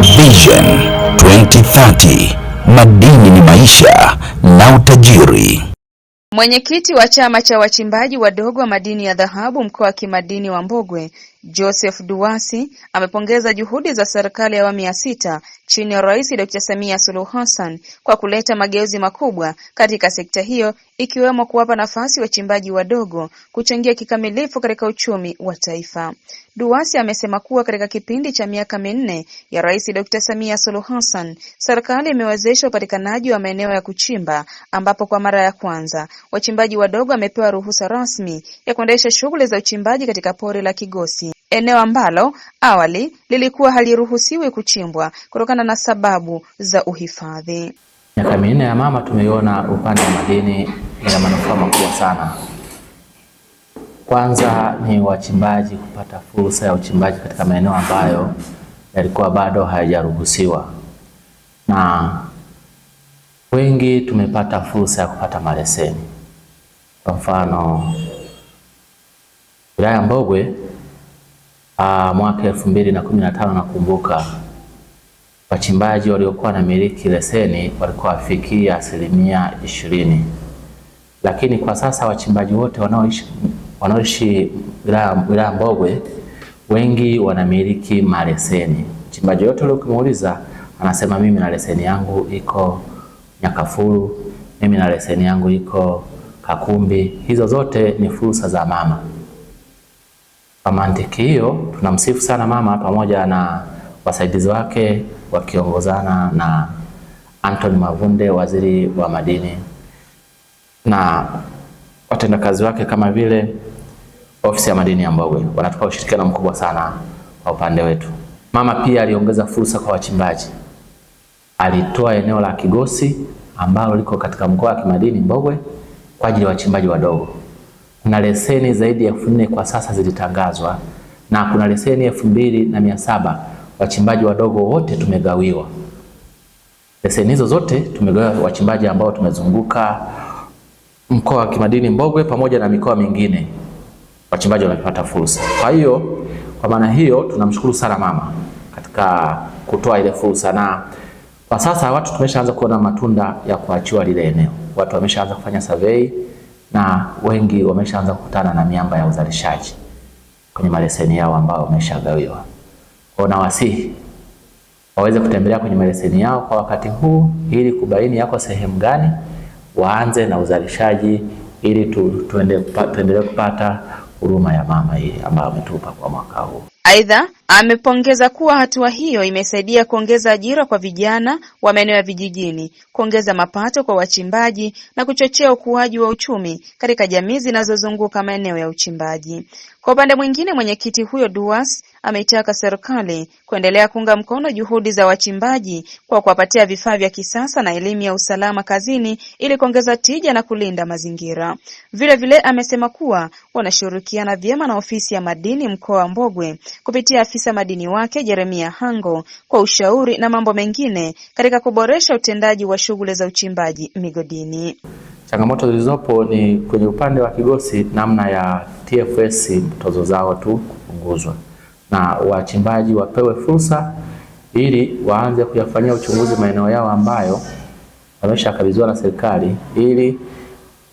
Vision 2030 madini ni maisha na utajiri. Mwenyekiti wa chama cha wachimbaji wadogo wa madini ya dhahabu mkoa wa kimadini wa Mbogwe Joseph Duwasi amepongeza juhudi za serikali ya awamu ya sita chini ya Rais Dr. Samia Suluhu Hassan kwa kuleta mageuzi makubwa katika sekta hiyo ikiwemo kuwapa nafasi wachimbaji wadogo kuchangia kikamilifu katika uchumi wa taifa. Duwasi amesema kuwa katika kipindi cha miaka minne ya Rais Dr. Samia Suluhu Hassan, serikali imewezesha upatikanaji wa maeneo ya kuchimba ambapo kwa mara ya kwanza wachimbaji wadogo wamepewa ruhusa rasmi ya kuendesha shughuli za uchimbaji katika pori la Kigosi eneo ambalo awali lilikuwa haliruhusiwi kuchimbwa kutokana na sababu za uhifadhi. Miaka minne ya mama tumeiona upande wa madini ina manufaa makubwa sana. Kwanza ni wachimbaji kupata fursa ya uchimbaji katika maeneo ambayo yalikuwa bado hayajaruhusiwa, na wengi tumepata fursa ya kupata maleseni. Kwa mfano wilaya Mbogwe uh, mwaka elfu mbili na kumi na tano nakumbuka wachimbaji waliokuwa na miliki leseni walikuwa wafikia asilimia ishirini, lakini kwa sasa wachimbaji wote wanaoishi wilaya Mbogwe wengi wanamiliki maleseni. Mchimbaji yote ule ukimuuliza, anasema mimi na leseni yangu iko Nyakafulu, mimi na leseni yangu iko Kakumbi. Hizo zote ni fursa za mama. Kwa mantiki hiyo, tunamsifu sana mama pamoja na wasaidizi wake wakiongozana na Anthony Mavunde, waziri wa madini na watendakazi wake kama vile ofisi ya madini ya Mbogwe, wanatupa ushirikiano mkubwa sana kwa upande wetu. Mama pia aliongeza fursa kwa wachimbaji, alitoa eneo la Kigosi ambalo liko katika mkoa wa kimadini Mbogwe kwa ajili ya wachimbaji wadogo na leseni zaidi ya elfu nne kwa sasa zilitangazwa na kuna leseni elfu mbili na mia saba wachimbaji wadogo wote tumegawiwa leseni hizo zote tumegawiwa wachimbaji ambao tumezunguka mkoa wa Kimadini Mbogwe pamoja na mikoa mingine, wachimbaji wamepata fursa. Kwa hiyo kwa maana hiyo tunamshukuru sana mama katika kutoa ile fursa, na kwa sasa watu tumeshaanza kuona matunda ya kuachiwa lile eneo, watu wameshaanza kufanya survey na wengi wameshaanza kukutana na miamba ya uzalishaji kwenye maleseni yao ambao wameshagawiwa. Kwa nawasihi waweze kutembelea kwenye maleseni yao kwa wakati huu ili kubaini yako sehemu gani, waanze na uzalishaji ili tu, tuendelee kupata huruma ya mama hii ambayo ametupa kwa mwaka huu. Aidha, amepongeza kuwa hatua hiyo imesaidia kuongeza ajira kwa vijana wa maeneo ya vijijini, kuongeza mapato kwa wachimbaji na kuchochea ukuaji wa uchumi katika jamii zinazozunguka maeneo ya uchimbaji. Kwa upande mwingine, mwenyekiti huyo Duas ameitaka serikali kuendelea kuunga mkono juhudi za wachimbaji kwa kuwapatia vifaa vya kisasa na elimu ya usalama kazini ili kuongeza tija na kulinda mazingira. Vilevile vile amesema kuwa wanashirikiana vyema na ofisi ya madini mkoa wa Mbogwe kupitia afisa madini wake Jeremia Hango kwa ushauri na mambo mengine katika kuboresha utendaji wa shughuli za uchimbaji migodini. Changamoto zilizopo ni kwenye upande wa Kigosi, namna ya TFS tozo zao tu kupunguzwa na wachimbaji wapewe fursa ili waanze kuyafanyia uchunguzi maeneo yao ambayo wameshakabidhiwa na serikali, ili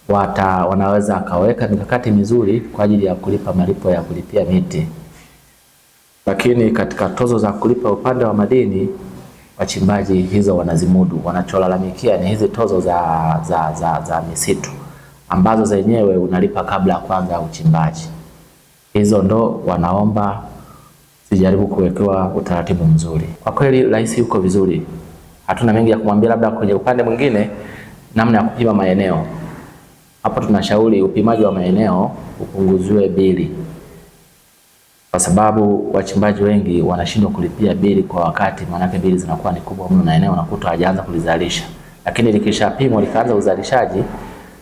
wata, wanaweza akaweka mikakati mizuri kwa ajili ya kulipa malipo ya kulipia miti. Lakini katika tozo za kulipa upande wa madini wachimbaji hizo wanazimudu. Wanacholalamikia ni hizi tozo za, za, za, za misitu ambazo zenyewe unalipa kabla ya kuanza uchimbaji. Hizo ndo wanaomba sijaribu kuwekewa utaratibu mzuri. Kwa kweli rais yuko vizuri, hatuna mengi ya kumwambia, labda kwenye upande mwingine, namna ya kupima maeneo. Hapo tunashauri upimaji wa maeneo upunguziwe bili, kwa sababu wachimbaji wengi wanashindwa kulipia bili kwa wakati, maanake bili zinakuwa ni kubwa mno na eneo nakuta hajaanza kulizalisha, lakini likishapimwa likaanza uzalishaji,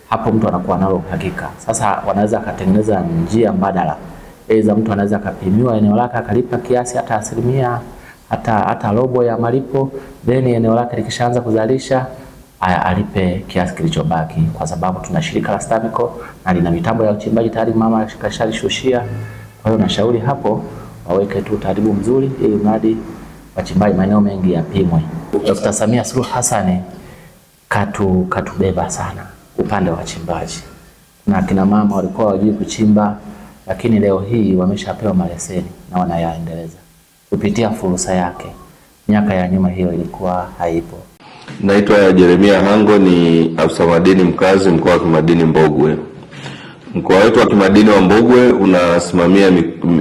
hapo mtu anakuwa nalo uhakika. Sasa wanaweza akatengeneza njia mbadala Aidha, mtu anaweza akapimiwa eneo lake akalipa kiasi hata asilimia hata, hata robo ya malipo, then eneo lake likishaanza kuzalisha aya, alipe kiasi kilichobaki, kwa sababu tuna shirika la Stamico na lina mitambo ya uchimbaji tayari mama kashalishushia. Kwa hiyo nashauri hapo waweke tu utaratibu mzuri, ili mradi wachimbaji maeneo mengi yapimwe. Dr. Samia Suluhu Hassan katu katubeba sana upande wa wachimbaji, na kina mama walikuwa wajui kuchimba lakini leo hii wameshapewa maleseni na wanayaendeleza kupitia fursa yake. Miaka ya nyuma hiyo ilikuwa haipo. Naitwa Jeremia Hango, ni afisa madini mkazi mkoa wa kimadini Mbogwe. Mkoa wetu wa kimadini wa Mbogwe unasimamia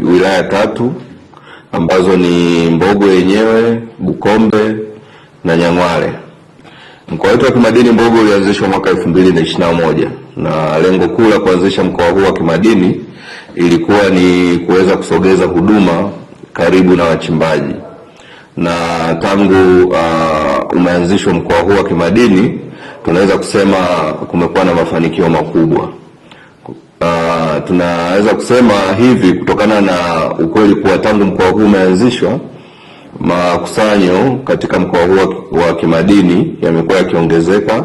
wilaya tatu ambazo ni Mbogwe yenyewe, Bukombe na Nyang'wale. Mkoa wetu wa kimadini Mbogwe ulianzishwa mwaka 2021 na lengo kuu la kuanzisha mkoa huu wa kimadini ilikuwa ni kuweza kusogeza huduma karibu na wachimbaji, na tangu uh, umeanzishwa mkoa huu wa kimadini, tunaweza kusema kumekuwa na mafanikio makubwa. Uh, tunaweza kusema hivi kutokana na ukweli kuwa tangu mkoa huu umeanzishwa makusanyo katika mkoa huu wa kimadini yamekuwa yakiongezeka.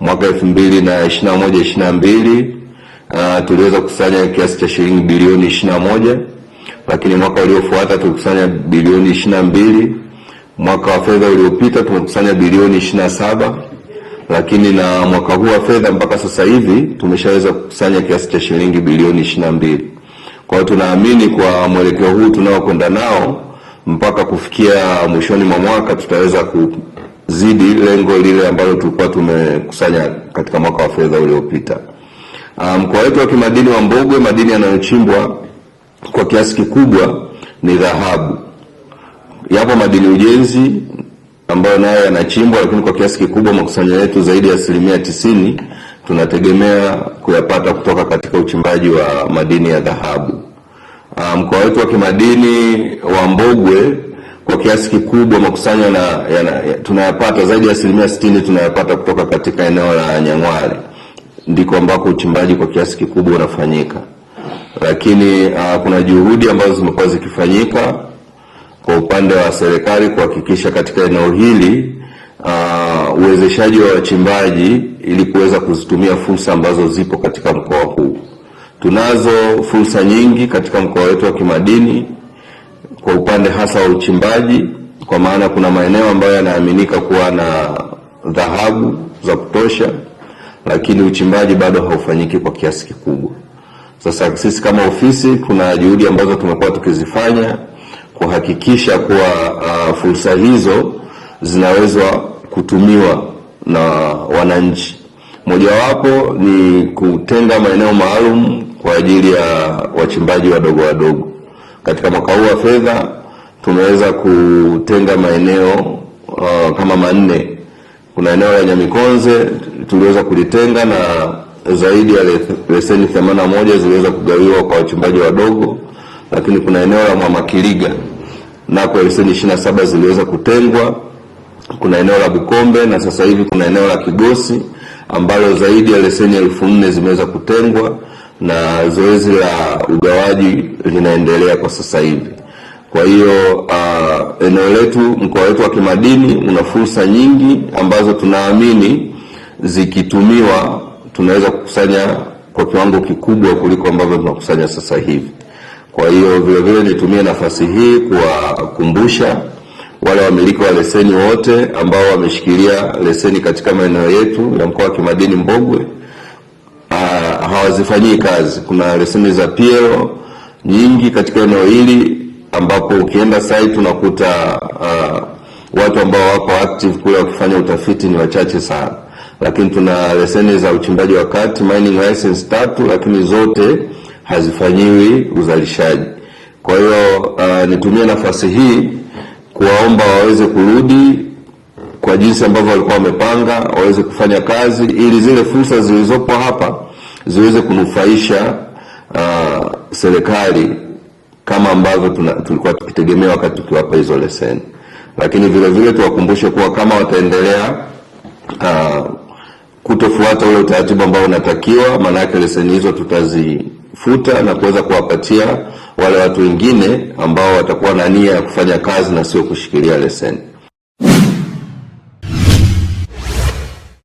Mwaka elfu mbili na ishirini na moja ishirini na mbili tuliweza kukusanya kiasi cha shilingi bilioni ishirini na moja lakini mwaka uliofuata tulikusanya bilioni ishirini na mbili mwaka wa fedha uliopita tumekusanya bilioni ishirini na saba lakini na mwaka huu wa fedha mpaka sasa hivi tumeshaweza kukusanya kiasi cha shilingi bilioni ishirini na mbili. Kwa hiyo tunaamini kwa mwelekeo huu tunaokwenda nao mpaka kufikia mwishoni mwa mwaka tutaweza kuzidi lengo lile ambalo tulikuwa tumekusanya katika mwaka wa fedha uliopita. Mkoa um, wetu wa kimadini wa Mbogwe, madini yanayochimbwa kwa kiasi kikubwa ni dhahabu. Yapo madini ujenzi ambayo nayo yanachimbwa, lakini kwa kiasi kikubwa makusanyo yetu zaidi ya asilimia tisini tunategemea kuyapata kutoka katika uchimbaji wa madini ya dhahabu. Mkoa um, wetu wa kimadini wa Mbogwe kwa kiasi kikubwa makusanyo tunayapata zaidi ya asilimia sitini tunayapata kutoka katika eneo la nyangwale ndiko ambako uchimbaji kwa kiasi kikubwa unafanyika, lakini uh, kuna juhudi ambazo zimekuwa zikifanyika kwa upande wa serikali kuhakikisha katika eneo hili uh, uwezeshaji wa wachimbaji ili kuweza kuzitumia fursa ambazo zipo katika mkoa huu. Tunazo fursa nyingi katika mkoa wetu wa kimadini kwa upande hasa wa uchimbaji, kwa maana kuna maeneo ambayo yanaaminika kuwa na dhahabu za kutosha lakini uchimbaji bado haufanyiki kwa kiasi kikubwa. Sasa sisi kama ofisi kuna juhudi ambazo tumekuwa tukizifanya kuhakikisha kuwa uh, fursa hizo zinawezwa kutumiwa na wananchi. Mojawapo ni kutenga maeneo maalum kwa ajili ya wachimbaji wadogo wadogo. Katika mwaka huu wa fedha tumeweza kutenga maeneo uh, kama manne. Kuna eneo la Nyamikonze tuliweza kulitenga na zaidi ya leseni moja ziliweza kugawiwa kwa wachimbaji wadogo, lakini kuna eneo la Mwamakiliga nako leseni 27 ziliweza kutengwa. Kuna eneo la Bukombe na sasa hivi kuna eneo la Kigosi ambalo zaidi ya leseni elfu nne zimeweza kutengwa na zoezi la ugawaji linaendelea kwa sasa hivi. Kwa hiyo uh, eneo letu mkoa wetu wa kimadini una fursa nyingi ambazo tunaamini zikitumiwa tunaweza kukusanya kwa kiwango kikubwa kuliko ambavyo tunakusanya sasa hivi. Kwa hiyo vilevile nitumie nafasi hii kuwakumbusha wale wamiliki wa leseni wote ambao wameshikilia leseni katika maeneo yetu ya mkoa wa Kimadini Mbogwe ah, hawazifanyii kazi. Kuna leseni za PL nyingi katika eneo hili ambapo ukienda site unakuta ah, watu ambao wako active kule wakifanya utafiti ni wachache sana lakini tuna leseni za uchimbaji wa kati mining license tatu, lakini zote hazifanyiwi uzalishaji. Kwa hiyo uh, nitumie nafasi hii kuwaomba waweze kurudi kwa jinsi ambavyo walikuwa wamepanga, waweze kufanya kazi ili zile fursa zilizopo hapa ziweze kunufaisha uh, serikali kama ambavyo tulikuwa tukitegemea wakati tukiwapa hizo leseni, lakini vile vile tuwakumbushe kuwa kama wataendelea uh, kutofuata ule utaratibu ambao unatakiwa, maanake leseni hizo tutazifuta na kuweza kuwapatia wale watu wengine ambao watakuwa na nia ya kufanya kazi na sio kushikilia leseni.